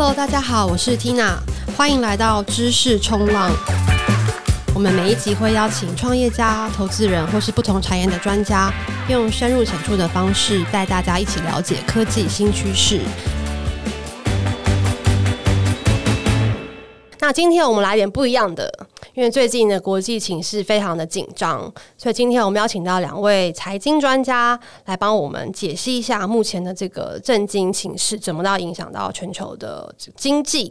Hello，大家好，我是 Tina，歡迎來到知識衝浪。我們每一集會邀請創業家、投資人或是不同產業的專家，用深入淺出的方式帶大家一起了解科技新趨勢。那今天我們來一點不一樣的。因為最近的國際情勢，非常的緊張，所以今天我們邀請到兩位財經專家來幫我們解析一下目前的這個政經情勢怎麼到影響到全球的經濟。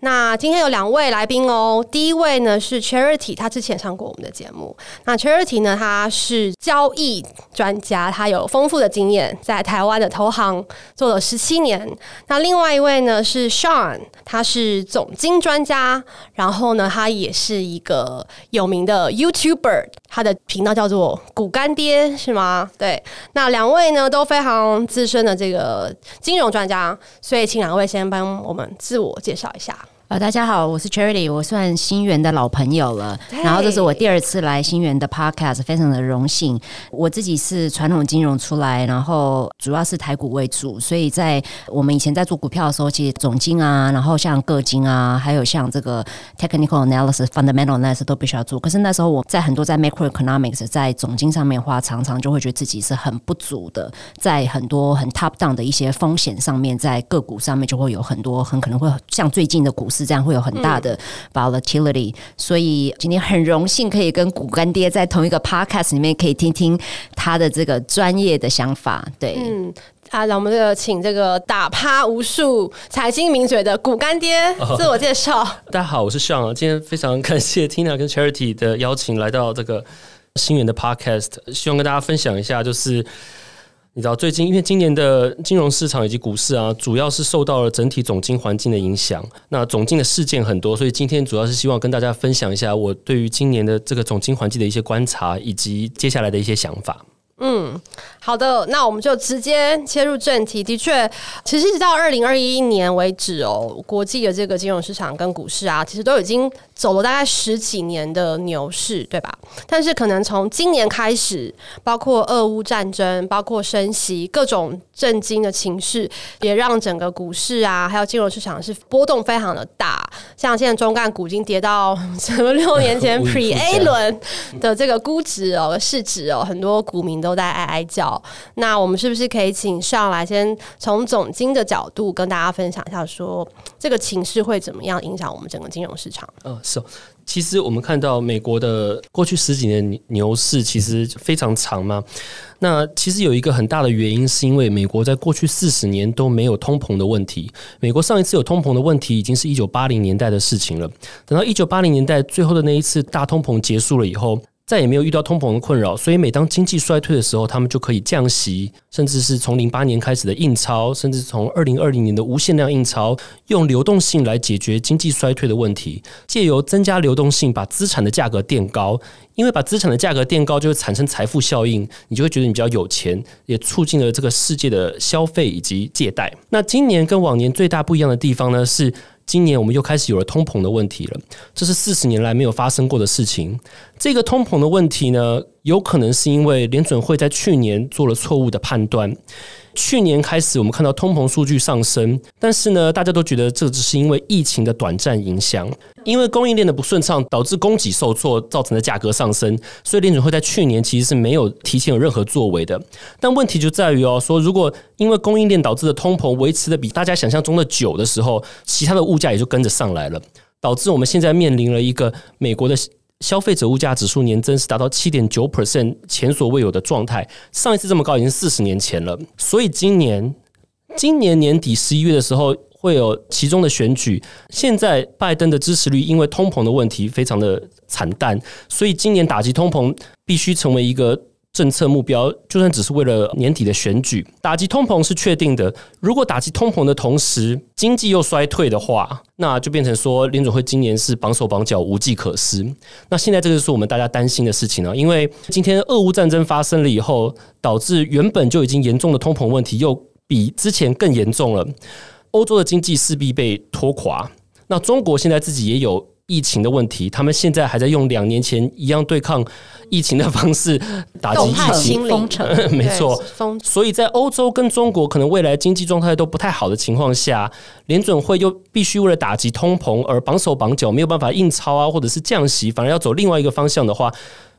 那今天有兩位來賓哦。第一位呢是 Charity，他之前上過我們的節目。那 Charity 呢，他是交易專家，他有豐富的經驗，在台灣的投行做了十七年。那另外一位呢是 Sean，他是總經專家，然後呢，他也是一個有名的 YouTuber。他的頻道叫做“股乾爹”是嗎？對，那兩位呢都非常資深的這個金融專家，所以請兩位先幫我們自我介紹一下。啊，大家好，我是 Charity，我算新源的老朋友了。對然後，這是我第二次來新源的 Podcast，非常的榮幸。我自己是傳統金融出來，然後主要是台股為主，所以在我們以前在做股票的時候，其實總經啊，然後像個經啊，還有像這個 Technical Analysis、Fundamental Analysis 都必須要做。可是那時候我在很多在 Macroeconomics 在總經上面的話，常常就會覺得自己是很不足的，在很多很 Top Down 的一些風險上面，在個股上面就會有很多很可能會像最近的股，是這樣，會有很大的 volatility。嗯，所以今天很榮幸可以跟股乾爹在同一個 podcast 裡面，可以聽聽他的這個專業的想法。對，嗯，啊，讓我們這個請這個打趴無數財經名嘴的股乾爹自我介紹哦。大家好，我是尚，今天非常感謝 Tina 跟 Charity 的邀請，來到這個新人的 podcast，希望跟大家分享一下就是。你知道，最近因為今年的金融市場以及股市啊，主要是受到了整體總經環境的影響。那總經的事件很多，所以今天主要是希望跟大家分享一下我對於今年的這個總經環境的一些觀察，以及接下來的一些想法。嗯。好的，那我們就直接切入正題。的確，其實一直到二零二一年為止哦，國際的這個金融市場跟股市啊，其實都已經走了大概十幾年的牛市，對吧？但是可能從今年開始，包括俄烏戰爭、包括升息各種政經的情勢，也讓整個股市啊，還有金融市場是波動非常的大。像現在中概股已經跌到什麼六年前 Pre A 輪的這個估值哦，市值哦，很多股民都在哀哀叫。那我們是不是可以請上來先從總經的角度跟大家分享一下，說這個情勢會怎麼樣影響我們整個金融市場？嗯，是哦。其實我們看到美國的過去十幾年的牛市其實非常長嘛。那其實有一個很大的原因，是因為美國在過去四十年都沒有通膨的問題。美國上一次有通膨的問題，已經是一九八零年代的事情了。等到一九八零年代最後的那一次大通膨結束了以後，再也沒有遇到通膨的困擾，所以每當經濟衰退的時候，他們就可以降息，甚至是從零八年開始的印鈔，甚至從二零二零年的無限量印鈔，用流動性來解決經濟衰退的問題，借由增加流動性把資產的價格墊高，因為把資產的價格墊高就會產生財富效應，你就會覺得你比較有錢，也促進了這個世界的消費以及借貸。那今年跟往年最大不一樣的地方呢，是。今年我們又開始有了通膨的問題了，這是四十年來沒有發生過的事情。這個通膨的問題呢，有可能是因為聯準會在去年做了錯誤的判斷。去年開始，我們看到通膨數據上升，但是呢，大家都覺得這只是因為疫情的短暫影響，因為供應鏈的不順暢導致供給受挫造成的價格上升，所以聯準會在去年其實是沒有提前有任何作為的。但問題就在於哦，說如果因為供應鏈導致的通膨維持的比大家想象中的久的時候，其他的物價也就跟着上來了，導致我們現在面臨了一個美國的。消費者物價指數年增是達到七點九 percent，前所未有的狀態。上一次這麼高已經四十年前了，所以今年今年年底十一月的時候會有期中的選舉。現在拜登的支持率因為通膨的問題非常的慘淡，所以今年打擊通膨必須成為一個。政策目標，就算只是為了年底的選舉，打擊通膨是確定的。如果打擊通膨的同時經濟又衰退的話，那就變成說聯準會今年是綁手綁腳，無計可施。那現在這就是我們大家擔心的事情了啊，因為今天俄烏戰爭發生了以後，導致原本就已經嚴重的通膨問題又比之前更嚴重了。歐洲的經濟勢必被拖垮，那中國現在自己也有疫情的問題，他們現在還在用兩年前一樣對抗疫情的方式打擊疫情，封城 沒錯。對所以，在歐洲跟中國可能未來經濟狀態都不太好的情況下，聯準會又必須為了打擊通膨而綁手綁腳，沒有辦法印鈔啊，或者是降息，反而要走另外一個方向的話，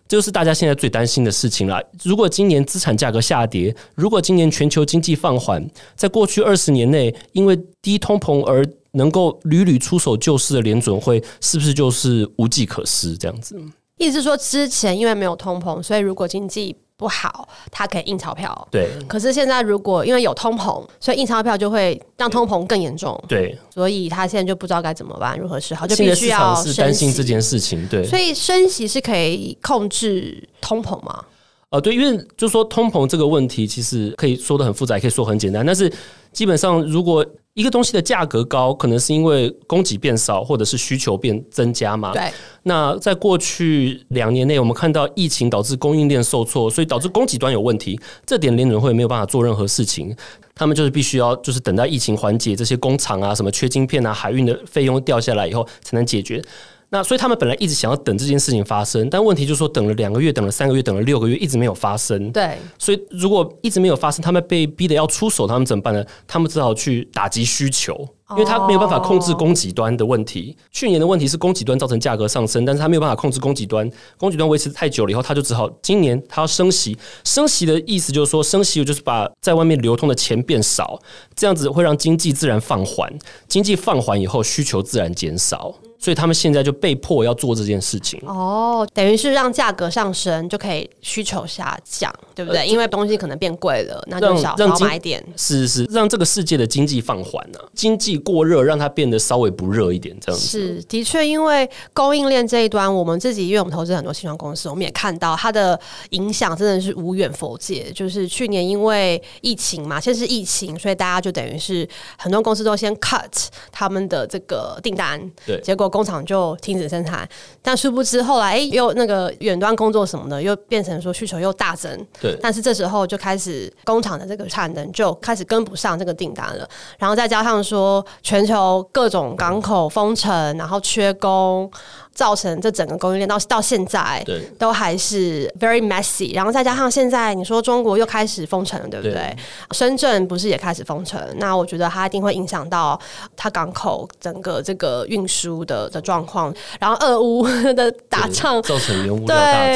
這就是大家現在最擔心的事情了。如果今年資產價格下跌，如果今年全球經濟放緩，在過去二十年內因為低通膨而。能夠屢屢出手救市的聯準會，是不是就是無計可施這樣子？意思是說，之前因為沒有通膨，所以如果經濟不好，它可以印鈔票。對。可是現在，如果因為有通膨，所以印鈔票就會讓通膨更嚴重。對。所以他現在就不知道該怎麼辦，如何是好？就必須要擔心這件事情。對。所以升息是可以控制通膨嗎？哦、呃，對，因為就說通膨這個問題，其實可以說得很複雜，也可以說很簡單。但是基本上，如果一個東西的價格高，可能是因為供給變少，或者是需求變增加嘛？對。那在過去兩年內，我們看到疫情導致供應鏈受挫，所以導致供給端有問題，這點聯準會沒有辦法做任何事情。他們就是必須要就是等待疫情緩解，這些工廠啊什麼缺晶片啊，海運的費用掉下來以後才能解決。那所以他們本來一直想要等這件事情發生，但問題就是說等了兩個月，等了三個月，等了六個月，一直沒有發生。對，所以如果一直沒有發生，他們被逼得要出手，他們怎麼辦呢？他們只好去打擊需求，因為他沒有辦法控制供給端的問題。哦、去年的問題是供給端造成價格上升，但是他沒有辦法控制供給端，供給端維持太久了以後，他就只好今年他要升息。升息的意思就是說，升息就是把在外面流通的錢變少，這樣子會讓經濟自然放緩，經濟放緩以後需求自然減少。所以他們現在就被迫要做這件事情哦，等於是讓價格上升，就可以需求下降，對不對？就因為東西可能變貴了，那就少少買點。是是是，讓這個世界的經濟放緩了啊，經濟過熱，讓它變得稍微不熱一點，這樣子。是，的確因為供應鏈這一端，我們自己因為我們投資很多新裝公司，我們也看到它的影響真的是無遠弗屆。就是去年因為疫情嘛，先是疫情，所以大家就等於是很多公司都先 cut 他們的這個訂單，對，結果。工廠就停止生產，但殊不知後來誒、欸、又那個遠端工作什麼的，又變成說需求又大增。對，但是這時候就開始工廠的這個產能就開始跟不上這個訂單了，然後再加上說全球各種港口封城，嗯、然後缺工。造成這整個供應鏈到到現在都還是 very messy，對然後再加上現在你說中國又開始封城了，對不對？對深圳，不是也開始封城？那我覺得它一定會影響到它港口整個這個運輸的的狀況，然後俄烏的， 的打仗對造成原對，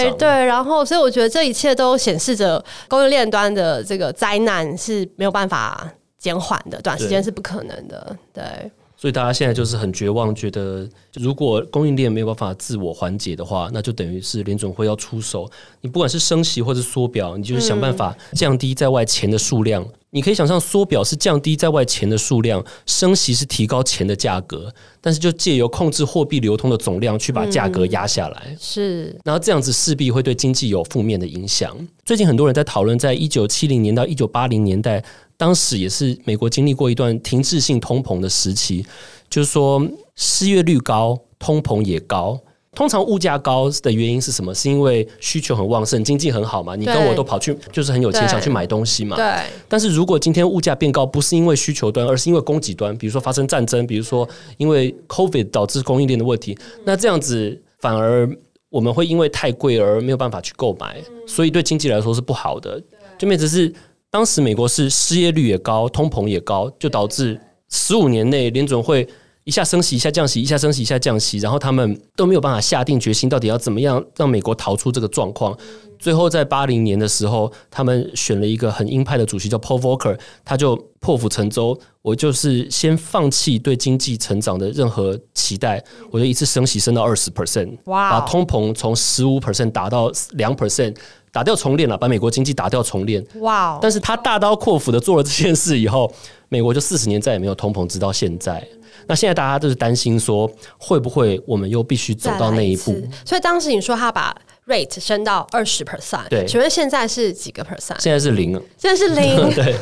仗對，然後所以我覺得這一切都顯示着供應鏈端的這個災難是沒有辦法減緩的，短時間是不可能的，對。所以大家現在就是很絕望，覺得如果供應鏈沒有辦法自我緩解的話，那就等於是聯準會要出手。你不管是升息或者縮表，你就是想辦法降低在外錢的數量。你可以想象，縮表是降低在外錢的數量，升息是提高錢的價格，但是就借由控制貨幣流通的總量去把價格壓下來。是，然後這樣子勢必會對經濟有負面的影響。最近很多人在討論，在一九七零年到一九八零年代。當時也是美國經歷過一段停滯性通膨的時期，就是說失業率高，通膨也高。通常物價高的原因是什麼？是因為需求很旺盛，經濟很好嘛？對你跟我都跑去就是很有錢對想去買東西嘛？對。但是如果今天物價變高，不是因為需求端，而是因為供給端，比如說發生戰爭，比如說因為 COVID 導致供應鏈的問題，嗯、那這樣子反而我們會因為太貴而沒有辦法去購買，嗯、所以對經濟來說是不好的。對就面只是。當時美國是失業率也高，通膨也高，就導致十五年內聯準會一下升息一下降息，一下升息一下降息，然後他們都沒有辦法下定決心到底要怎麼樣讓美國逃出這個狀況。最後在八零年的時候，他們選了一個很鷹派的主席叫 Paul Volcker，他就破釜沉舟，我就是先放棄對經濟成長的任何期待，我就一次升息升到二十 percent，把通膨從十五 percent 打到兩 percent。打掉重練了，把美國經濟打掉重練。哇 Wow！但是他大刀闊斧的做了這件事以後，美國就四十年再也沒有通膨，直到現在。那現在大家都是擔心說，會不會我們又必須走到那一步。所以當時你說他把。Rate 升到二十 percent，對，請問現在是幾個 percent？現，現在是零，現在是零。對，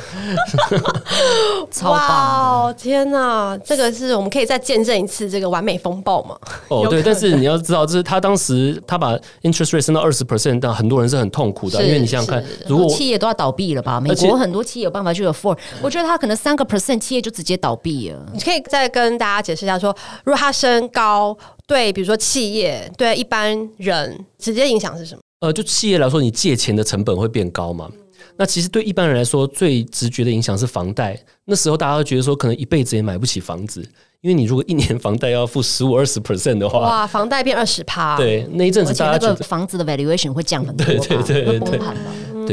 哇 的，wow, 天哪，這個是我們可以再見證一次這個完美風暴嗎？哦，對，但是你要知道，就是他當時他把 interest rate 升到二十 percent，但很多人是很痛苦的、啊，因為你想想看，如果企業都要倒閉了吧？美國很多企業有辦法去 afford。我覺得他可能三個 percent 企業就直接倒閉了。你可以再跟大家解釋一下說，說如果他升高。對，比如說企業對一般人直接影響是什麼？呃，就企業來說，你借錢的成本會變高嘛。嗯、那其實對一般人來說，最直覺的影響是房貸。那時候大家都覺得說，可能一輩子也買不起房子，因為你如果一年房貸要付十五二十 percent 的話，哇，房貸變二十趴。對，那一陣子大家那個房子的 valuation 會降很多，對對對，對，對對對，會崩盤。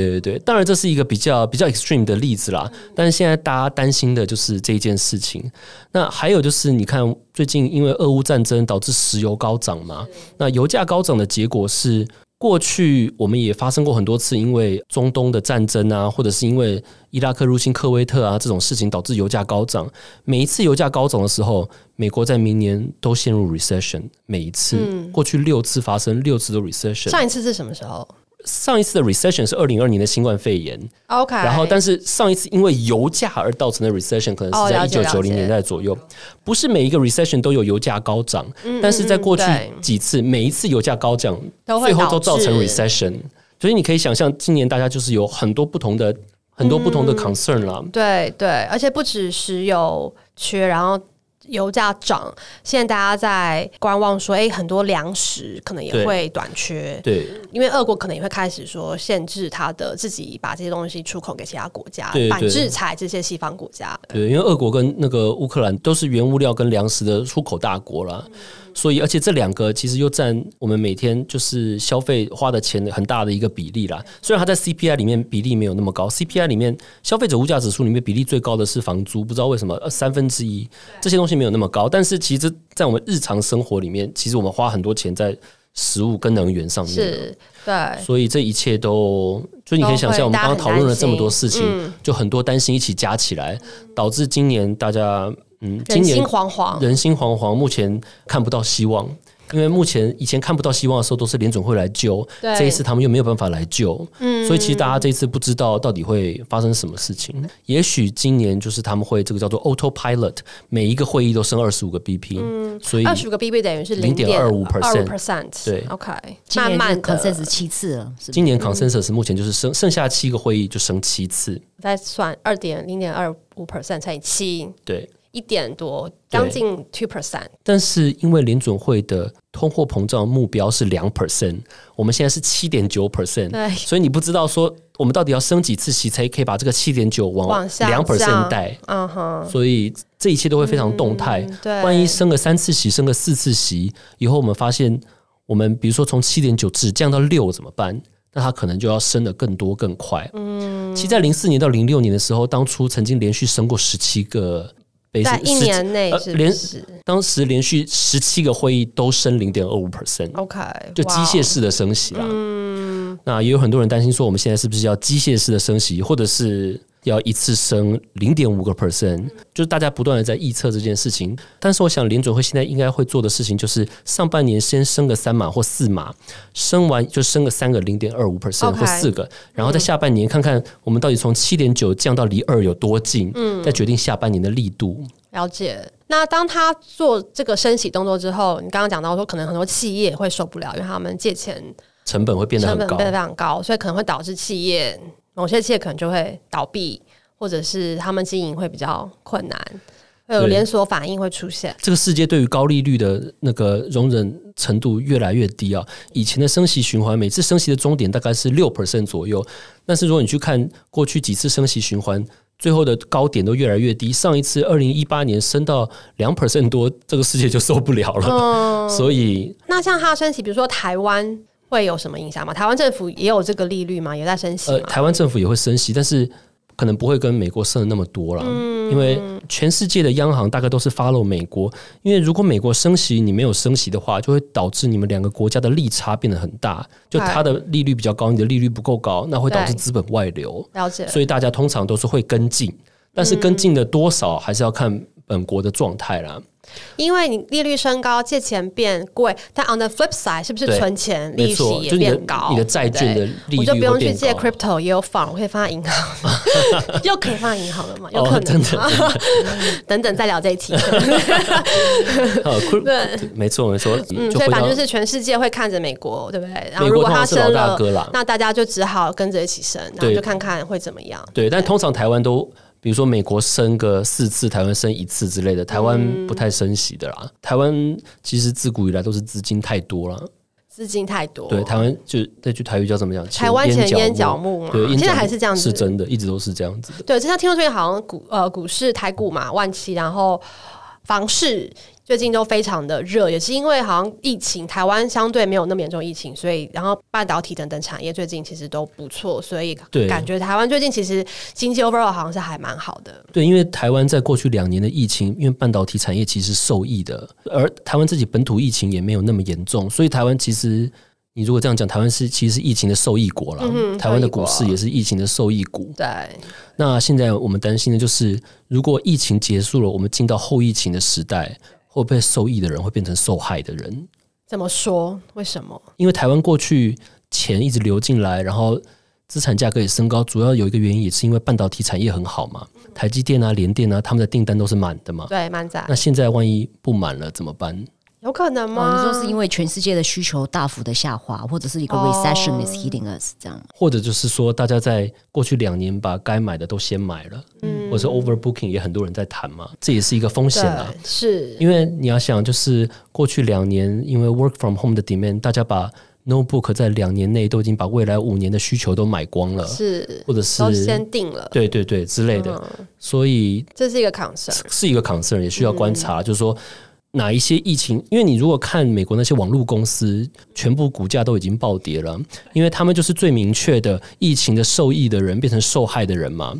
對對對，當然這是一個比較比較 extreme 的例子啦。嗯、但是現在大家擔心的就是這一件事情。那還有就是，你看最近因為俄烏戰爭導致石油高漲嘛？對那油價高漲的結果是，過去我們也發生過很多次，因為中東的戰爭啊，或者是因為伊拉克入侵科威特啊這種事情導致油價高漲。每一次油價高漲的時候，美國在明年都陷入 recession。每一次，嗯、過去六次發生六次的 recession。上一次是什麼時候？上一次的 recession 是二零二零年的新冠肺炎，OK。然後，但是上一次因為油價而造成的 recession 可能是在一九九零年代左右，哦、不是每一個 recession 都有油價高漲，但是在過去幾次，每一次油價高漲，嗯、最後都造成 recession。所以你可以想象，今年大家就是有很多不同的、嗯、很多不同的 concern 了。對對，而且不止石油缺，然後。油價漲，現在大家在觀望說，說、欸、誒，很多糧食可能也會短缺，對，對，因為俄國可能也會開始說限制他的自己把這些東西出口給其他國家，對對，反制裁這些西方國家，對，對，因為俄國跟那個烏克蘭都是原物料跟糧食的出口大國啦。嗯所以，而且這兩個其實又占我們每天就是消費花的錢很大的一個比例啦。雖然它在 CPI 裡面比例沒有那麼高，CPI 裡面消費者物價指數裡面比例最高的是房租，不知道為什麼三分之一這些東西沒有那麼高。但是，其實，在我們日常生活裡面，其實我們花很多錢在食物跟能源上面。是對，所以這一切都。所以你可以想象，我們剛剛討論了這麼多事情，就很多擔心一起加起來，導致今年大家。嗯，今年人心惶惶，人心惶惶，目前看不到希望，因為目前以前看不到希望的時候都是聯準會來救，對這一次他們又沒有辦法來救，嗯，所以其實大家這一次不知道到底會發生什麼事情。嗯、也許今年就是他們會這個叫做 auto pilot，每一個會議都升二十五個 bp，嗯，所以二十五個 bp 等於是零點二五 percent，percent，對，OK，慢慢 consensus 七次了，是是今年 consensus 目前就是剩剩下七個會議就升七次，再算二點零點二五 percent 乘以七，對。一點多，將近 two percent。但是因為聯準會的通貨膨脹目標是兩 percent，我們現在是七點九 percent，所以你不知道說我們到底要升幾次息才可以把這個七點九往兩 percent 帶。往下，是啊 uh huh、所以這一切都會非常動態。嗯、萬一升個三次息，升個四次息，以後我們發現我們比如說從七點九只降到六怎麼辦？那它可能就要升得更多更快。嗯，其實，在零四年到零六年的時候，當初曾經連續升過十七個。在一年內是是、呃、連，當時連續十七個會議都升零點二五 percent，OK，就機械式的升息了、啊嗯、那也有很多人擔心說，我們現在是不是要機械式的升息，或者是？要一次升零點五個 percent，就是大家不斷的在預測這件事情。但是我想，聯準會現在應該會做的事情就是，上半年先升個三碼或四碼，升完就升個三個零點二五 percent 或四個，然後在下半年看看我們到底從七點九降到離二有多近，嗯，再決定下半年的力度。了解。那當他做這個升息動作之後，你剛剛講到說，可能很多企業會受不了，因為他們借錢成本會變得很高很變得非常高，所以可能會導致企業。某些企業可能就會倒閉，或者是他們經營會比較困難，會有連鎖反應會出現。這個世界對於高利率的那個容忍程度越來越低啊！以前的升息循環，每次升息的終點大概是六 percent 左右，但是如果你去看過去幾次升息循環，最後的高點都越來越低。上一次二零一八年升到兩 percent 多，這個世界就受不了了，嗯，所以那像他升息，比如說台灣。會有什麼影響嗎？台灣政府也有這個利率嗎？也在升息。呃，台灣政府也會升息，但是可能不會跟美國升得那麼多啦，嗯，因為全世界的央行大概都是 follow 美國。因為如果美國升息，你沒有升息的話，就會導致你們兩個國家的利差變得很大。就它的利率比較高，你的利率不夠高，那會導致資本外流。了解。所以大家通常都是會跟進，但是跟進的多少還是要看本國的狀態啦。因為你利率升高，借錢變貴，但 on the flip side，是不是存錢利息也變高？你的債券的利率有點高。我就不用去借 crypto，也有放，我可以放在銀行嘛，又可以放在銀行了嗎？有可能嗎。等等，再聊這一題。對，沒錯，沒錯。嗯，對，反正就是全世界會看着美國，對不對？然後如果他升了，那大家就只好跟着一起升，然後就看看會怎麼樣。對，但通常台灣都。比如說美國升個四次，台灣升一次之類的，台灣不太升息的啦。嗯、台灣其實自古以來都是資金，金太多了，資金太多。對，台灣就那句台語叫怎麼講？台灣錢淹腳、腳目嘛，對，現在還是這樣子，是真的，一直都是這樣子的。對，就像聽說最近好像股呃股市台股嘛萬七，然後房市。最近都非常的熱，也是因為好像疫情，台灣相對沒有那麼嚴重疫情，所以然後半導體等等產業最近其實都不錯，所以感覺台灣最近其實經濟 overall 好像是還蠻好的。對，因為台灣在過去兩年的疫情，因為半導體產業其實受益的，而台灣自己本土疫情也沒有那麼嚴重，所以台灣其實你如果這樣講，台灣是其實是疫情的受益國啦。嗯哼，台灣的股市也是疫情的受益股。對。那現在我們擔心的就是，如果疫情結束了，我們進到後疫情的時代。會不會受益的人會變成受害的人？怎麼說？為什麼？因為台灣過去錢一直流進來，然後資產價格也升高，主要有一個原因也是因為半導體產業很好嘛，台積電啊、聯電啊，他們的訂單都是滿的嘛，對、嗯，滿載。那現在萬一不滿了怎麼辦？有可能嗎？就、哦、是因為全世界的需求大幅的下滑，或者是一個 recession is hitting us 這樣，或者就是說大家在過去兩年把該買的都先買了，嗯，或者 overbooking 也很多人在談嘛，這也是一個風險啊。是，因為你要想，就是過去兩年因為 work from home 的 demand，大家把 notebook 在兩年內都已經把未來五年的需求都買光了，是，或者是先定了，對對對之類的，嗯、所以這是一個 concern，是，是一個 concern，也需要觀察，嗯、就是說。哪一些疫情？因為你如果看美國那些網絡公司，全部股價都已經暴跌了。因為他們就是最明確的疫情的受益的人，變成受害的人嘛。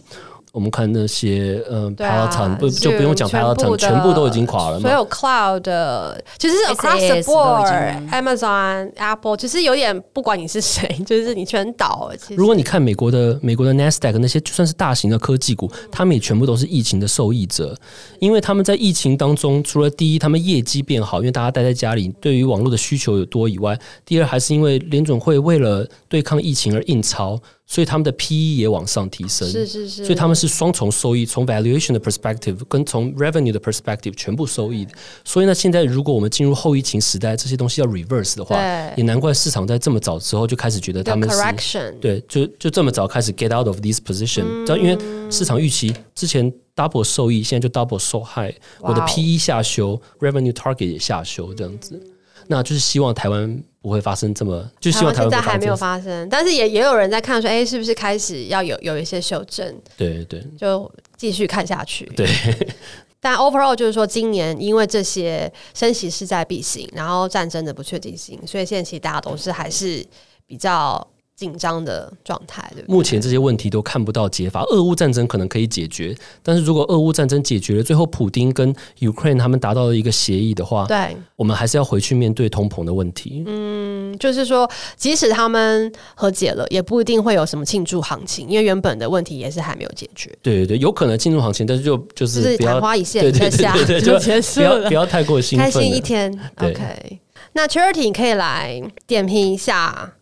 我們看那些，嗯，PayPal、啊、不就不用講 PayPal，全，全部都已經垮了。所有 Cloud，其實、就是 Across the Board，Amazon、Amazon, Apple，其實有點不管你是誰， 就是你全倒。其實如果你看美國的美國的 NASDAQ 那些，就算是大型的科技股，嗯、他們也全部都是疫情的受益者，因為他們在疫情當中，除了第一他們業績變好，因為大家待在家裡，對於網絡的需求有多以外，第二還是因為聯準會為了對抗疫情而印鈔。所以他們的 P E 也往上提升，所以他們是雙重收益，從 valuation 的 perspective 跟從 revenue 的 perspective 全部收益。所以呢，現在如果我們進入後疫情時代，這些東西要 reverse 的話，也難怪市場在這麼早之後就開始覺得他們是對，就就這麼早開始 get out of this position。但因為市場預期之前 double 收益，現在就 double 受害，我的 P E 下修，revenue target 也下修，這樣子。那就是希望台灣不會發生這麼，就是希望現在還沒有發生，但是也也有人在看說，哎、欸，是不是開始要有有一些修正？對對對，對就繼續看下去。對，但 overall 就是說，今年因為這些升息勢在必行，然後戰爭的不確定性，所以現在其實大家都是還是比較。緊張的狀態，對對，目前這些問題都看不到解法。俄烏戰爭可能可以解決，但是如果俄烏戰爭解決了，最後普丁跟 Ukraine 他們達到了一個協議的話，對，我們還是要回去面對通膨的問題。嗯，就是說，即使他們和解了，也不一定會有什麼慶祝行情，因為原本的問題也是還沒有解決。對對，對，有可能慶祝行情，但是就就是曇花一現，對對，對對對對對，不要不要太過興奮，開心一天。OK，對那 Charity 你可以來點評一下。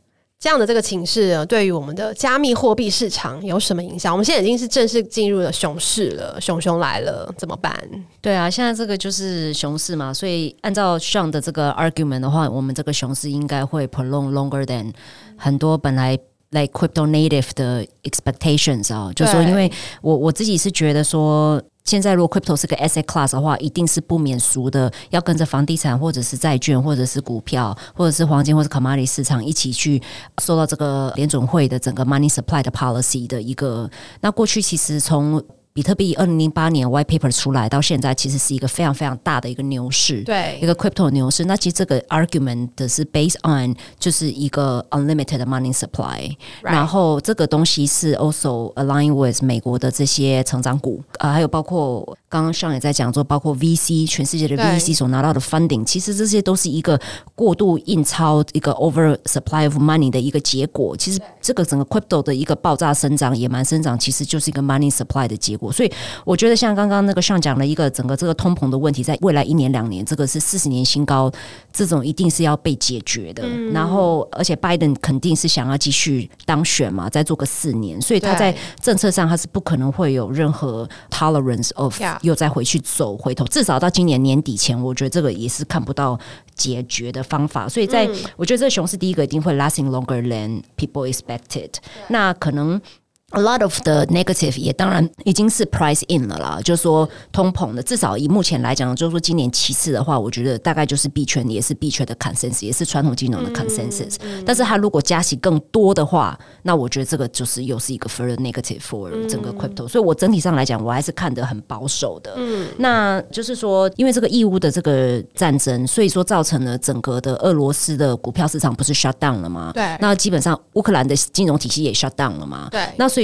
這樣的這個情勢對於我們的加密貨幣市場有什麼影響？我們現在已經是正式進入了熊市了，熊熊來了怎麼辦？對啊，現在這個就是熊市嘛，所以按照 Sean 的這個 argument 的話，我們這個熊市應該會 prolong longer than 很多本來 like crypto native 的 expectations 啊，對就是說，因為我我自己是覺得說。現在，如果 crypto 是個 asset class 的話，一定是不免俗的，要跟着房地產或者是債券，或者是股票，或者是黃金，或者 commodity 市場一起去受到這個聯準會的整個 money supply 的 policy 的一個。那過去其實從比特幣二零零八年 white paper 出來到現在，其實是一個非常非常大的一個牛市，對一個 crypto 牛市。那其實這個 argument 的是 based on 就是一個 unlimited 的 money supply，Right. 然後這個東西是 also align with 美國的這些成長股，啊、呃，還有包括剛剛尚也在講說，包括 VC 全世界的 VC 所拿到的 funding，對其實這些都是一個過度印鈔一個 over supply of money 的一個結果。其實這個整個 crypto 的一個爆炸生長、野蠻生長，其實就是一個 money supply 的結果。所以我覺得像剛剛那個上講的一個整個這個通膨的問題，在未來一年兩年，這個是四十年新高，這種一定是要被解決的。嗯、然後，而且 Biden 肯定是想要繼續當選嘛，再做個四年，所以他在政策上他是不可能會有任何 tolerance of 對又再回去走回頭，至少到今年年底前，我覺得這個也是看不到解決的方法。所以在，在、嗯、我覺得這個熊市第一個一定會 lasting longer than people expected 對。那可能。A lot of the negative 也當然已經是 price in 了啦，就是說通膨的，至少以目前來講，就是說今年七次的話，我覺得大概就是幣圈也是幣圈的 consensus，也是傳統金融的 consensus。Mm hmm. 但是它如果加息更多的話，那我覺得這個就是又是一個 further negative for 整個 crypto、mm。Hmm. 所以我整體上來講，我還是看得很保守的。嗯、mm，hmm. 那就是說，因為這個俄烏的這個戰爭，所以說造成了整個的俄羅斯的股票市場不是 shut down 了嗎？對，那基本上烏克蘭的金融體系也 shut down 了嗎？對，那所以。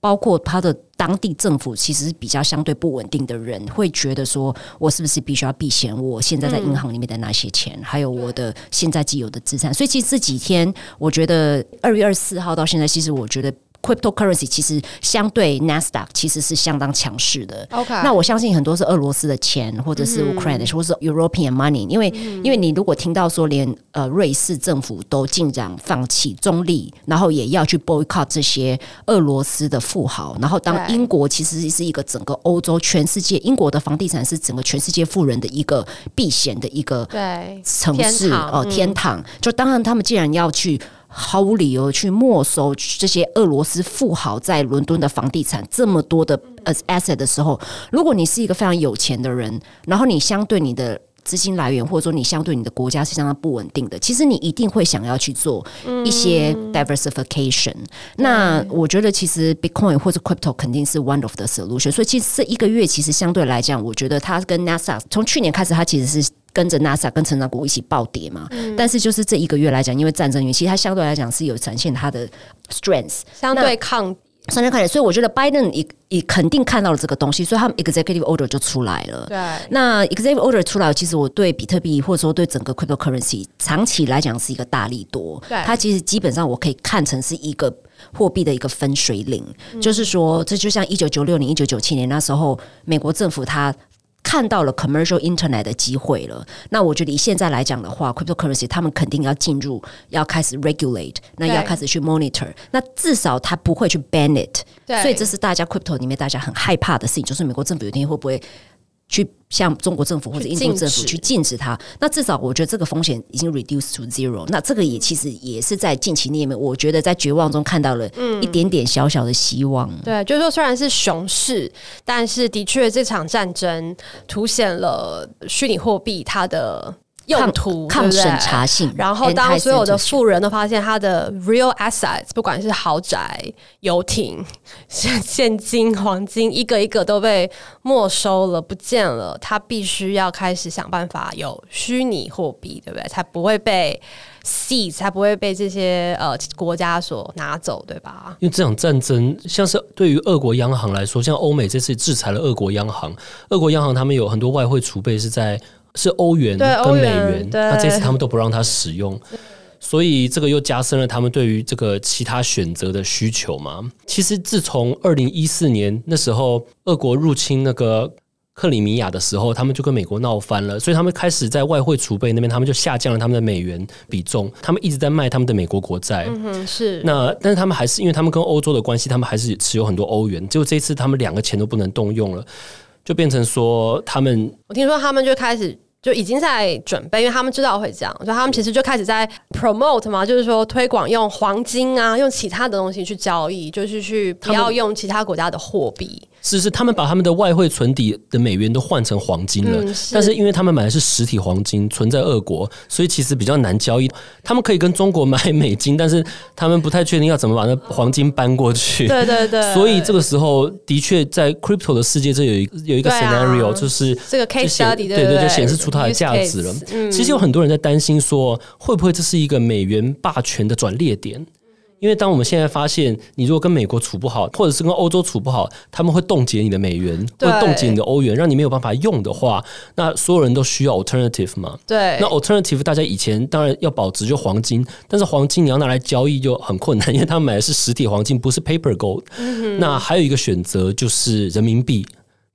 包括他的當地政府，其實是比較相對不穩定的人，會覺得說，我是不是必須要避險？我現在在銀行裡面的那些錢，還有我的現在既有的資產，所以其實這幾天，我覺得二月二十四號到現在，其實我覺得。Cryptocurrency 其實相對 Nasdaq 其實是相當強勢的。OK，那我相信很多是俄羅斯的錢，或者是 Ukrainian，、嗯、或者是 European money。因為，嗯、因為你如果聽到說連呃瑞士政府都竟然放棄中立，然後也要去 boycott 這些俄羅斯的富豪，然後當英國其實是一個整個歐洲，對全世界英國的房地產是整個全世界富人的一個避險的一個對城市哦天堂。就當然他們既然要去。毫無理由去沒收這些俄羅斯富豪在倫敦的房地產，這麼多的呃 asset 的時候，如果你是一個非常有錢的人，然後你相對你的。資金來源，或者說你相對你的國家是相當不穩定的。其實你一定會想要去做一些 diversification。嗯、那我覺得其實 Bitcoin 或者 Crypto 肯定是 one of the solution。所以其實這一個月其實相對來講，我覺得它跟 NASA 從去年開始，它其實是跟着 NASA 跟成長股一起暴跌嘛。嗯、但是就是這一個月來講，因為戰爭原因，它相對來講是有呈現它的 strength，相對抗。商家看，所以我覺得 Biden 也、也肯定看到了這個東西，所以他們 Executive Order 就出來了。對那 Executive Order 出來，其實我對比特幣或者說對整個 cryptocurrency 長期來講是一個大利多。對它其實基本上我可以看成是一個貨幣的一個分水嶺，嗯、就是說，這就像一九九六年、一九九七年那時候，美國政府它。看到了 commercial internet 的機會了，那我覺得以現在來講的話，cryptocurrency 他們肯定要進入，要開始 regulate，那要開始去 monitor，對那至少他不會去 ban it，對所以這是大家 crypto 裡面大家很害怕的事情，就是美國政府有一天會不會去向中國政府或者印度政府去禁止它。止，那至少我覺得這個風險已經 reduce to zero。那這個也其實也是在近期裡面，我覺得在絕望中看到了一點點小小的希望。嗯，對，就是說，雖然是熊市，但是的確這場戰爭凸顯了虛擬貨幣它的。用途，抗，抗審查性，對不對？然後，當所有的富人都發現他的 real assets，不管是豪宅、遊艇、現現金、黃金，一個一個都被沒收了，不見了，他必須要開始想辦法有虛擬貨幣，對不對？才不會被 seat，才不會被這些呃國家所拿走，對吧？因為這場戰爭，像是對於俄國央行來說，像歐美這次制裁了俄國央行，俄國央行他們有很多外匯儲備是在。是歐元跟美元，那、啊、這次他們都不讓他使用，對所以這個又加深了他們對於這個其他選擇的需求嘛。其實自從二零一四年那時候，俄國入侵那個克里米亞的時候，他們就跟美國鬧翻了，所以他們開始在外匯儲備那邊，他們就下降了他們的美元比重，他們一直在賣他們的美國國債。嗯哼，是。那但是他們還是因為他們跟歐洲的關係，他們還是持有很多歐元。就這次他們兩個錢都不能動用了，就變成說他們，我聽說他們就開始。就已經在準備，因為他們知道會這樣，所以他們其實就開始在 promote 嘛，就是說推廣用黃金啊，用其他的東西去交易，就是去不要用其他國家的貨幣。是是，他們把他們的外匯存底的美元都換成黃金了，嗯、是但是因為他們買的是實體黃金，存在俄國，所以其實比較難交易。他們可以跟中國買美金，但是他們不太確定要怎麼把那黃金搬過去。嗯、對對對。所以這個時候，對的確在 crypto 的世界，這有一有一個 scenario，、啊、就是就這個 case study 的，對對，對,對,對，顯示出。出它的價值了。其實有很多人在擔心說，會不會這是一個美元霸權的轉捩點？因為當我們現在發現，你如果跟美國處不好，或者是跟歐洲處不好，他們會凍結你的美元，會凍結你的歐元，讓你沒有辦法用的話，那所有人都需要 alternative 嘛？對。那 alternative 大家以前當然要保值就黃金，但是黃金你要拿來交易就很困難，因為他們買的是實體黃金，不是 paper gold。那還有一個選擇就是人民幣。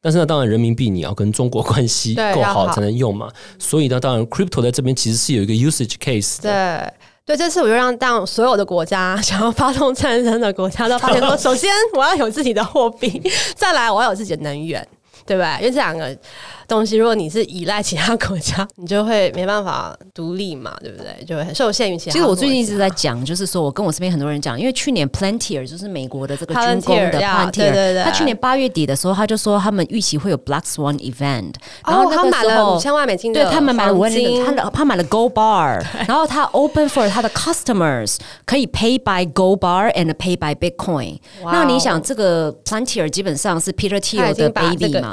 但是呢，當然人民幣你要跟中國關係夠好才能用嘛，所以呢，當然 crypto 在這邊其實是有一個 usage case 的，對。對對，這次我就讓當所有的國家想要發動戰爭的國家都發現說，首先我要有自己的貨幣， 再來我要有自己的能源。對吧？因為這兩個東西，如果你是依賴其他國家，你就會沒辦法獨立嘛，對不對？就會很受限於其他。其實我最近一直在講，就是說我跟我身邊很多人講，因為去年 Palantir 就是美國的這個軍工的 Palantir，他去年八月底的時候，他就說他們預期會有 Black Swan event，然後、哦、他買了五千萬美金的金，對他們買五金，他他買了 Gold Bar，對然後他 Open for 他的 customers 可以 pay by Gold Bar and pay by Bitcoin。哦、那你想，這個 Palantir 基本上是 Peter Thiel 的 baby 嘛、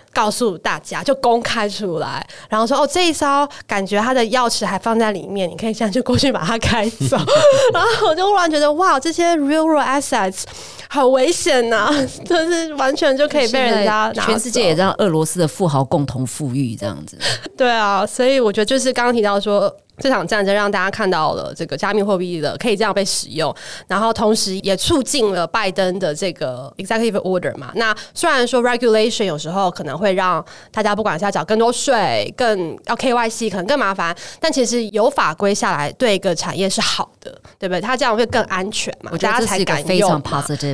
告訴大家，就公開出來，然後說哦，這一艘感覺他的鑰匙還放在裡面，你可以現在就過去把它開走。 然後我就忽然覺得，哇，這些 real world assets 好危險吶、啊，就是完全就可以被人家拿走，全世界也讓俄羅斯的富豪共同富裕這樣子。對啊，所以我覺得就是剛剛提到說。這場戰爭讓大家看到了這個加密貨幣的可以這樣被使用，然後同時也促進了拜登的這個 executive order 嘛。那雖然說 regulation 有時候可能會讓大家不管是要繳更多稅，更要、啊、KYC 可能更麻煩，但其實有法規下來對一個產業是好的，對不對？它這樣會更安全嘛，非常常大家才敢用。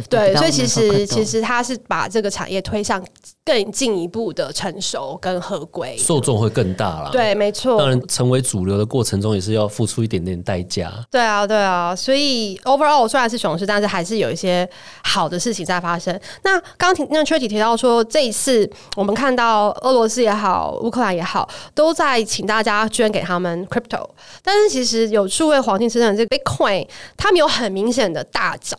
對，所以其實其實他是把這個產業推向。更進一步的成熟跟合規，受眾會更大啦。對，沒錯。當然，成為主流的過程中也是要付出一點點代價。對啊，對啊。所以，overall 雖然是熊市，但是還是有一些好的事情在發生。那剛提，那 Charity 提到說，這一次我們看到俄羅斯也好，烏克蘭也好，都在請大家捐給他們 crypto。但是，其實有數位黃金資產，這個 Bitcoin，他們有很明顯的大漲。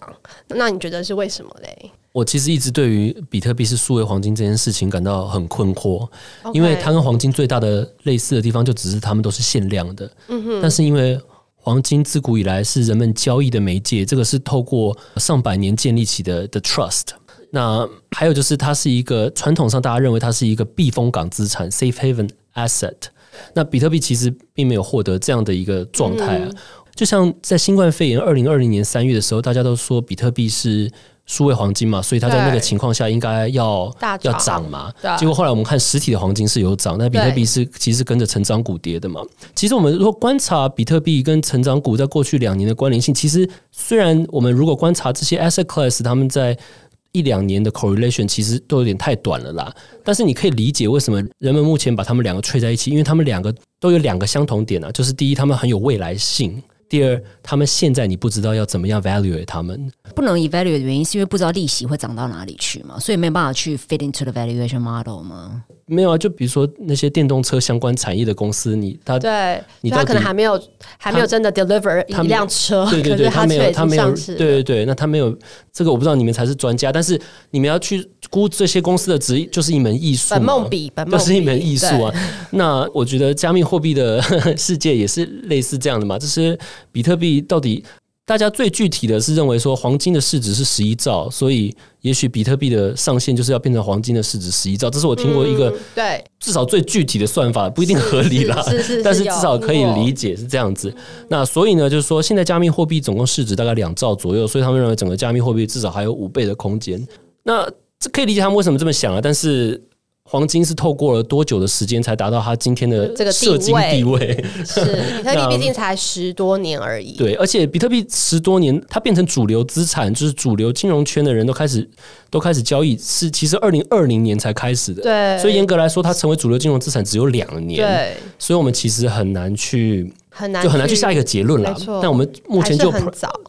那你覺得是為什麼嘞？我其實一直對於比特幣是數位黃金這件事情感到很困惑，Okay. 因為它跟黃金最大的類似的地方就只是它們都是限量的。嗯哼。但是因為黃金自古以來是人們交易的媒介，這個是透過上百年建立起的的 trust。那還有就是它是一個傳統上大家認為它是一個避風港資產 （safe haven asset）。那比特幣其實並沒有獲得這樣的一個狀態啊。嗯、就像在新冠肺炎二零二零年三月的時候，大家都說比特幣是。數位黃金嘛，所以它在那個情況下應該要要漲嘛。對結果後來我們看實體的黃金是有漲，但比特幣是其實跟着成長股跌的嘛。對其實我們如果觀察比特幣跟成長股在過去兩年的關聯性，其實雖然我們如果觀察這些 asset class 他們在一兩年的 correlation，其實都有點太短了啦。但是你可以理解為什麼人們目前把它們兩個 trade 在一起，因為它們兩個都有兩個相同點啊，就是第一，它們很有未來性；第二，它們現在你不知道要怎麼樣 value 它們。不能 evaluate 的原因是因為不知道利息會漲到哪裡去嘛，所以沒有辦法去 fit into the valuation model 嗎？沒有啊，就比如說那些電動車相關產業的公司，你他對，你他可能還沒有他還沒有真的 deliver 一輛車，對對對，可他，他沒有他沒有，對對對，那他沒有這個，我不知道你們才是專家，但是你們要去估這些公司的職業，就是一門藝術嘛，本夢比，本夢比，就是一門藝術啊。對那我覺得加密貨幣的 世界也是類似這樣的嘛，這，就是比特幣到底。大家最具體的是認為說黃金的市值是十一兆，所以也許比特幣的上限就是要變成黃金的市值十一兆。這是我聽過一個對至少最具體的算法，不一定合理啦，但是至少可以理解是這樣子。那所以呢，就是說現在加密貨幣總共市值大概兩兆左右，所以他們認為整個加密貨幣至少還有五倍的空間。那這可以理解他們為什麼這麼想啊，但是。黃金是透過了多久的時間才達到它今天的這個社經地位？地位是比特幣，畢竟才十多年而已。對，而且比特幣十多年，它變成主流資產，就是主流金融圈的人都開始都開始交易，是其實二零二零年才開始的。對，所以嚴格來說，它成為主流金融資產只有兩年。對，所以我們其實很難去很難就很難去下一個結論了。但我們目前就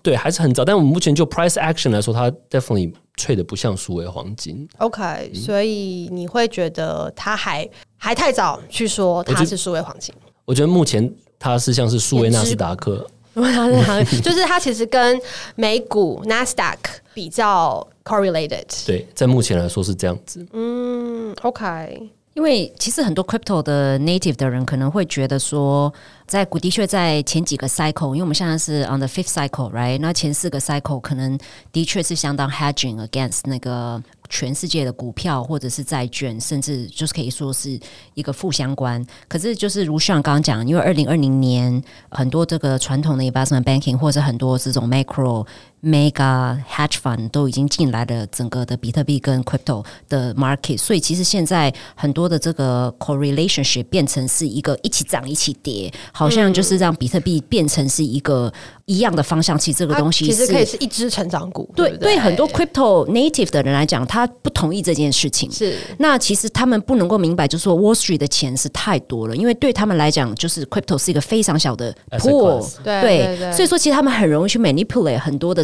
對，還是很早。但我們目前就 price action 來說，它 definitely。脆的不像數位黃金，OK，嗯，所以你會覺得它還還太早去說它是數位黃金，我。我覺得目前它是像是數位納斯達克，知 就是它其實跟美股納斯達克比較 correlated。對，在目前來說是這樣子。嗯，OK。因為其實很多 crypto 的 native 的人可能會覺得說，在的確在前幾個 cycle，因為我們現在是 on the fifth cycle，right？那前四個 cycle 可能的確是相當 hedging against 那個全世界的股票或者是債券，甚至就是可以說是一個負相關。可是就是如像剛剛講，因為二零二零年很多這個傳統的 investment banking 或者很多這種 macro。mega hedge fund 都已經進來了，整個的比特幣跟 crypto 的 market，所以其實現在很多的這個 correlation ship 變成是一個一起漲一起跌，好像就是讓比特幣變成是一個一樣的方向。其實這個東西其實可以是一支成長股。對對，對對對，很多 crypto native 的人來講，他不同意這件事情。是。那其實他們不能夠明白，就是 Wall Street 的錢是太多了，因為對他們來講，就是 crypto 是一個非常小的 pool。a 對。對對對，所以說，其實他們很容易去 manipulate 很多的。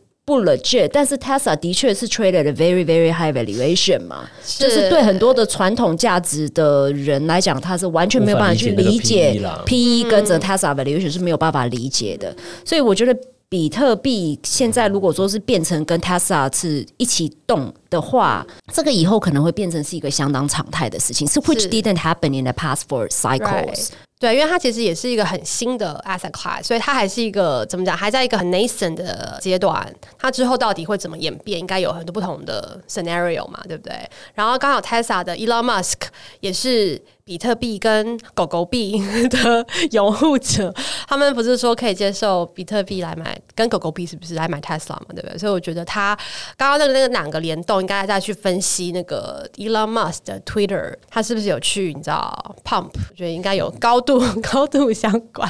不了 j 但是 Tesla 的確是 traded、er、a very very high valuation 嘛，是就是對很多的傳統價值的人來講，他是完全沒有辦法去理解，解 P E 跟著 Tesla valuation 是沒有辦法理解的，嗯、所以我覺得比特幣現在如果說是變成跟 Tesla 是一起動。的話，這個以後可能會變成是一個相當常態的事情，是 which didn't happen in the past four cycles，right，對，因為它其實也是一個很新的 asset class，所以它還是一個怎麼講，還在一個很 nascent 的階段。它之後到底會怎麼演變，應該有很多不同的 scenario 嘛，對不對？然後剛好 Tesla 的 Elon Musk 也是比特幣跟狗狗幣的擁護者，他們不是說可以接受比特幣來買，跟狗狗幣是不是來買 Tesla 嘛，對不對？所以我覺得他剛剛那個那個兩個聯動。應該再去分析那個 Elon Musk 的 Twitter，他是不是有去你知道 pump？我覺得應該有高度高度相關。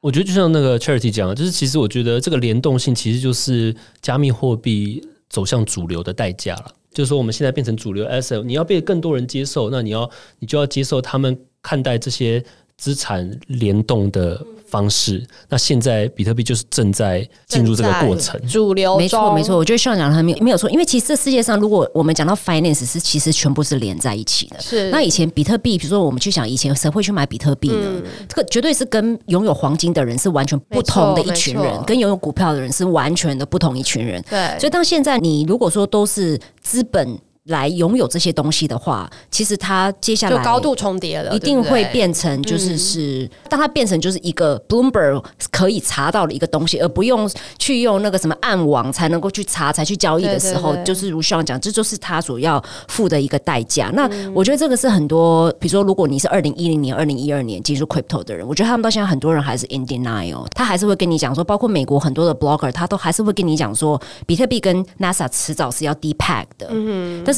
我覺得就像那個 Charity 講的，就是其實我覺得這個聯動性其實就是加密貨幣走向主流的代價了。就是說我們現在變成主流 SL，你要被更多人接受，那你要你就要接受他們看待這些。資產聯動的方式，嗯、那現在比特幣就是正在進入這個過程。主流沒錯沒錯，我覺得像你講的很沒有沒有錯，因為其實這世界上，如果我們講到 finance 是其實全部是連在一起的。是。那以前比特幣，比如說我們去想，以前誰會去買比特幣呢？嗯、這個絕對是跟擁有黃金的人是完全不同的一群人，跟擁有股票的人是完全的不同一群人。對。所以當現在，你如果說都是資本。來擁有這些東西的話，其實它接下來就高度重疊了，一定會變成就是是，當、嗯、它變成就是一個 Bloomberg 可以查到的一個東西，而不用去用那個什麼暗網才能夠去查才去交易的時候，對對對就是如希講，這就,就是他所要付的一個代價。那我覺得這個是很多，比如說如果你是二零一零年、二零一二年進入 crypto 的人，我覺得他們到現在很多人還是 in denial，他還是會跟你講說，包括美國很多的 blogger，他都還是會跟你講說，比特幣跟 NASA 遲早是要 depack 的，嗯、哼但是。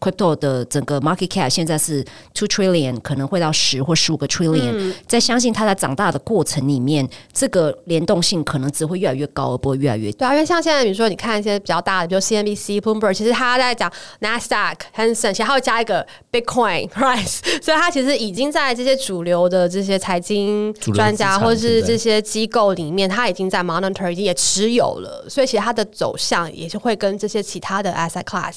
Crypto 的整個 Market Cap 現在是 Two Trillion，可能會到十或十五個 Trillion。再、嗯、相信它在長大的過程裡面，這個聯動性可能只會越來越高，而不會越來越低。對啊。因為像現在，比如說你看一些比較大的，比如 CNBC、Bloomberg，其實它在講 NASDAQ、恆生，其實它會加一個 Bitcoin Price，right? 所以它其實已經在這些主流的這些財經專家或是這些機構裡面，它已經在 Monitor 已經也持有了，所以其實它的走向也是會跟這些其他的 Asset Class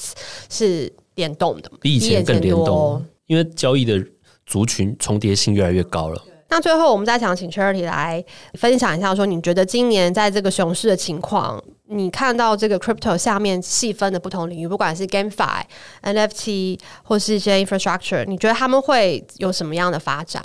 是。聯動的比以前更聯動，因為交易的族群重疊性越來越高了，嗯。那最後我們再想請 Charity 來分享一下，說你覺得今年在這個熊市的情況，你看到這個 crypto 下面細分的不同領域，不管是 GameFi、NFT 或是一些 Infrastructure，你覺得他們會有什麼樣的發展？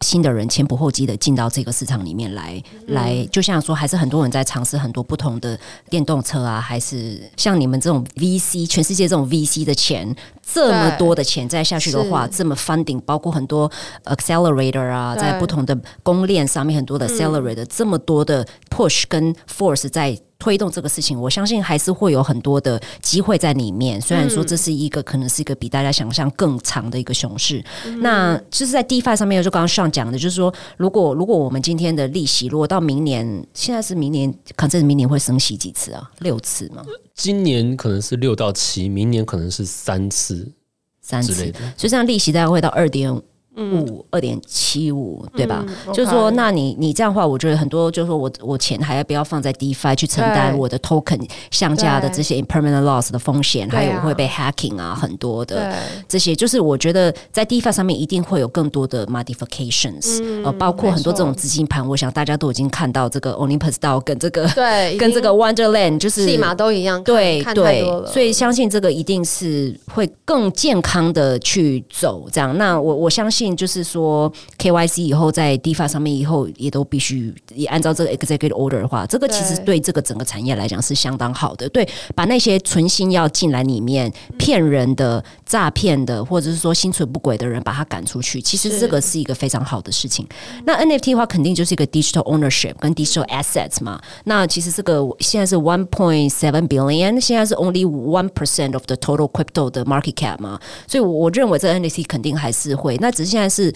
新的人前仆後繼的進到這個市場裡面來，嗯，來就像說還是很多人在嘗試很多不同的電動車啊，還是像你們這種 VC，全世界這種 VC 的錢這麼多的錢再下去的話，對這麼 funding，包括很多 accelerator 啊，對在不同的供應鏈上面很多的 accelerator，嗯，這麼多的 push 跟 force 在。推動這個事情，我相信還是會有很多的機會在裡面。雖然說這是一個、嗯、可能是一個比大家想象更長的一個熊市，嗯、那就是在 DeFi 上面，就剛剛上講的，就是說，如果如果我們今天的利息，如果到明年，現在是明年，可能是明年會升息幾次啊？六次嗎？今年可能是六到七，明年可能是三次之類的，三次，所以這樣，利息大概會到二點。五二點七五，對吧？就是說，那你你這樣的話，我覺得很多就是說我我錢還要不要放在 DeFi 去承擔我的 Token 降價的這些 impermanent loss 的風險，還有會被 hacking 啊，很多的這些，就是我覺得在 DeFi 上面一定會有更多的 modifications，呃，包括很多這種資金盤，我想大家都已經看到這個 Olympus DAO 跟這個對跟這個 Wonderland，就是起碼都一樣，對對，所以相信這個一定是會更健康的去走，這樣。那我我相信。就是說，KYC 以後在 DeFi 上面以後也都必須也按照這個 Executive Order 的話，這個其實對這個整個產業來講是相當好的。對，把那些存心要進來裡面騙人的、詐騙的，或者是說心存不軌的人，把他趕出去，其實這個是一個非常好的事情。那 NFT 的話，肯定就是一個 Digital Ownership 跟 Digital Assets 嘛。那其實這個現在是 One Point Seven Billion，現在是 Only One Percent of the Total Crypto 的 Market Cap 嘛。所以我認為這 NFT 肯定還是會。那只是。但是，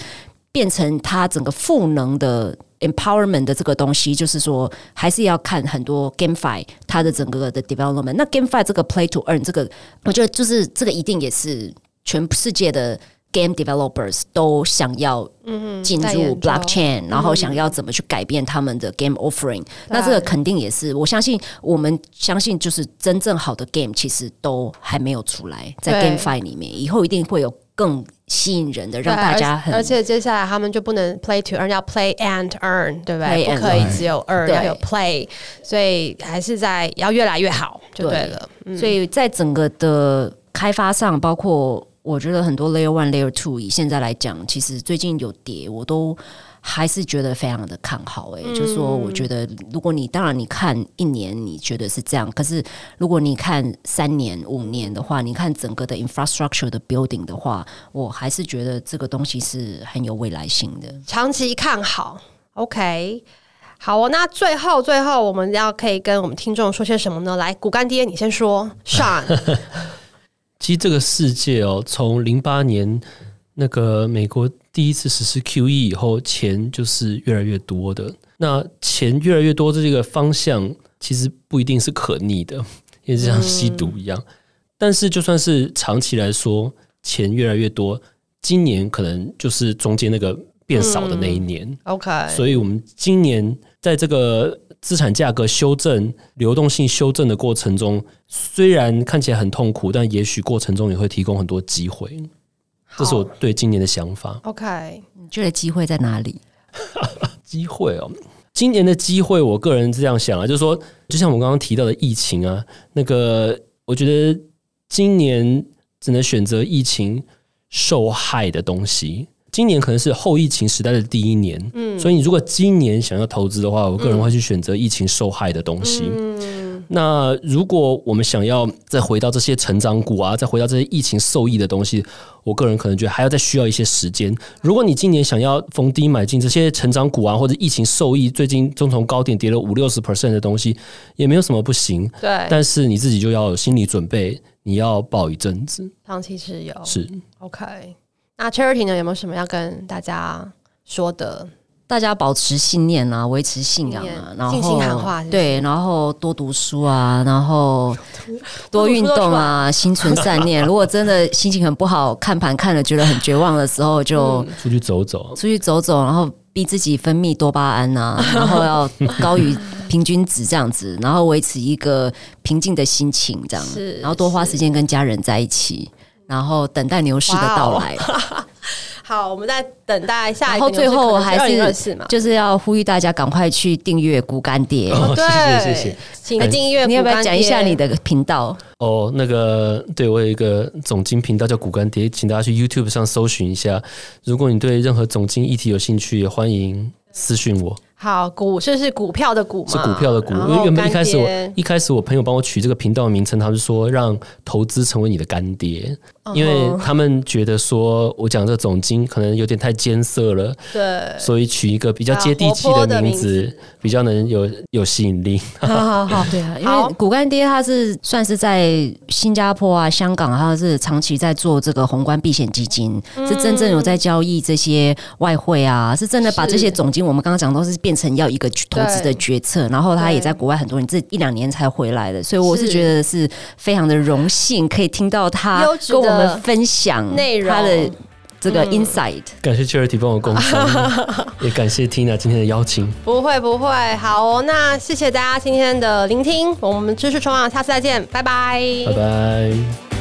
變成它整個賦能的 empowerment 的這個東西，就是說，還是要看很多 gamefi 它的整個的 development。那 gamefi 這個 play to earn 這個，我覺得就是這個一定也是全世界的 game developers 都想要進入 blockchain，然後想要怎麼去改變他們的 game offering。那這個肯定也是，我相信我們相信，就是真正好的 game 其實都還沒有出來，在 gamefi 裡面，以後一定會有。更吸引人的，讓大家很，對啊。而且接下來他們就不能 play to earn，要 play and earn，對不對？play and earn, 不可以只有 earn，對，要有 play，所以還是在要越來越好就對了。對，嗯。所以在整個的開發上，包括我覺得很多 layer one、layer two，以現在來講，其實最近有跌，我都。還是覺得非常的看好誒、欸，就是說我覺得，如果你當然你看一年，你覺得是這樣，可是如果你看三年、五年的話，你看整個的 infrastructure 的 building 的話，我還是覺得這個東西是很有未來性的，長期看好。OK，好哦，那最後最後我們要可以跟我們聽眾說些什麼呢？來，股乾爹你先說、Sean、s a n 其實這個世界哦，從零八年。那個美國第一次實施 QE 以後，錢就是越來越多的。那錢越來越多的這個方向，其實不一定是可逆的，也就像吸毒一樣。嗯、但是，就算是長期來說，錢越來越多，今年可能就是中間那個變少的那一年。嗯、OK，所以我們今年在這個資產價格修正、流動性修正的過程中，雖然看起來很痛苦，但也許過程中也會提供很多機會。好這是我對今年的想法。OK，你覺得機會在哪裡？機 會哦，今年的機會，我個人是這樣想啊，就是說，就像我剛剛提到的疫情啊，那個，我覺得今年只能選擇疫情受害的東西。今年可能是後疫情時代的第一年，嗯，所以你如果你今年想要投資的話，我個人會去選擇疫情受害的東西。嗯嗯那如果我們想要再回到這些成長股啊，再回到這些疫情受益的東西，我個人可能覺得還要再需要一些時間。如果你今年想要逢低買進這些成長股啊，或者疫情受益，最近中從高點跌了五六十 percent 的東西，也沒有什麼不行。對，但是你自己就要有心理準備，你要抱一陣子。長期持有是 OK。那 Charity 呢，有沒有什麼要跟大家說的？大家保持信念啊，維持信仰啊，yeah, 然後、就是、對，然後多讀書啊，然後多運動啊， 心存善念。如果真的心情很不好，看盤看了覺得很絕望的時候，就出去走走，出去走走，然後逼自己分泌多巴胺啊，然後要高於平均值這樣子， 然後維持一個平靜的心情這樣子，是是，然後多花時間跟家人在一起，然後等待牛市的到來。Wow 好，我們再等待一下。然後最後我還是就是要呼籲大家趕快去訂閱股乾爹、哦。謝謝謝謝，請訂閱股乾爹，你要不要講一下你的頻道？哦，那個對，我有一個總經頻道叫股乾爹，請大家去 YouTube 上搜尋一下。如果你對任何總經議題有興趣，也歡迎私訊我。好股，這是，是股票的股，是股票的股。因為原本一開始我一開始我朋友幫我取這個頻道的名稱，他是說，讓投資成為你的乾爹，嗯、哼因為他們覺得說我講這總經可能有點太艱澀了，對，所以取一個比較接地氣的名字，名字比較能有有吸引力。好好好， 對啊，好因為股乾爹他是算是在新加坡啊、香港，他是長期在做這個宏觀避險基金，嗯、是真正有在交易這些外匯啊，是真的把這些總經，我們剛剛講都是變。成要一個投資的決策，對然後他也在國外很多人，人對這一兩年才回來的，所以我是覺得是非常的榮幸，對可以聽到他跟我們分享內容他的這個 insight。嗯、感謝 Charity 幫我工作， 也感謝 Tina 今天的邀請。不會不會，好哦，那謝謝大家今天的聆聽，我們繼續衝浪、啊。下次再見，拜拜，拜拜。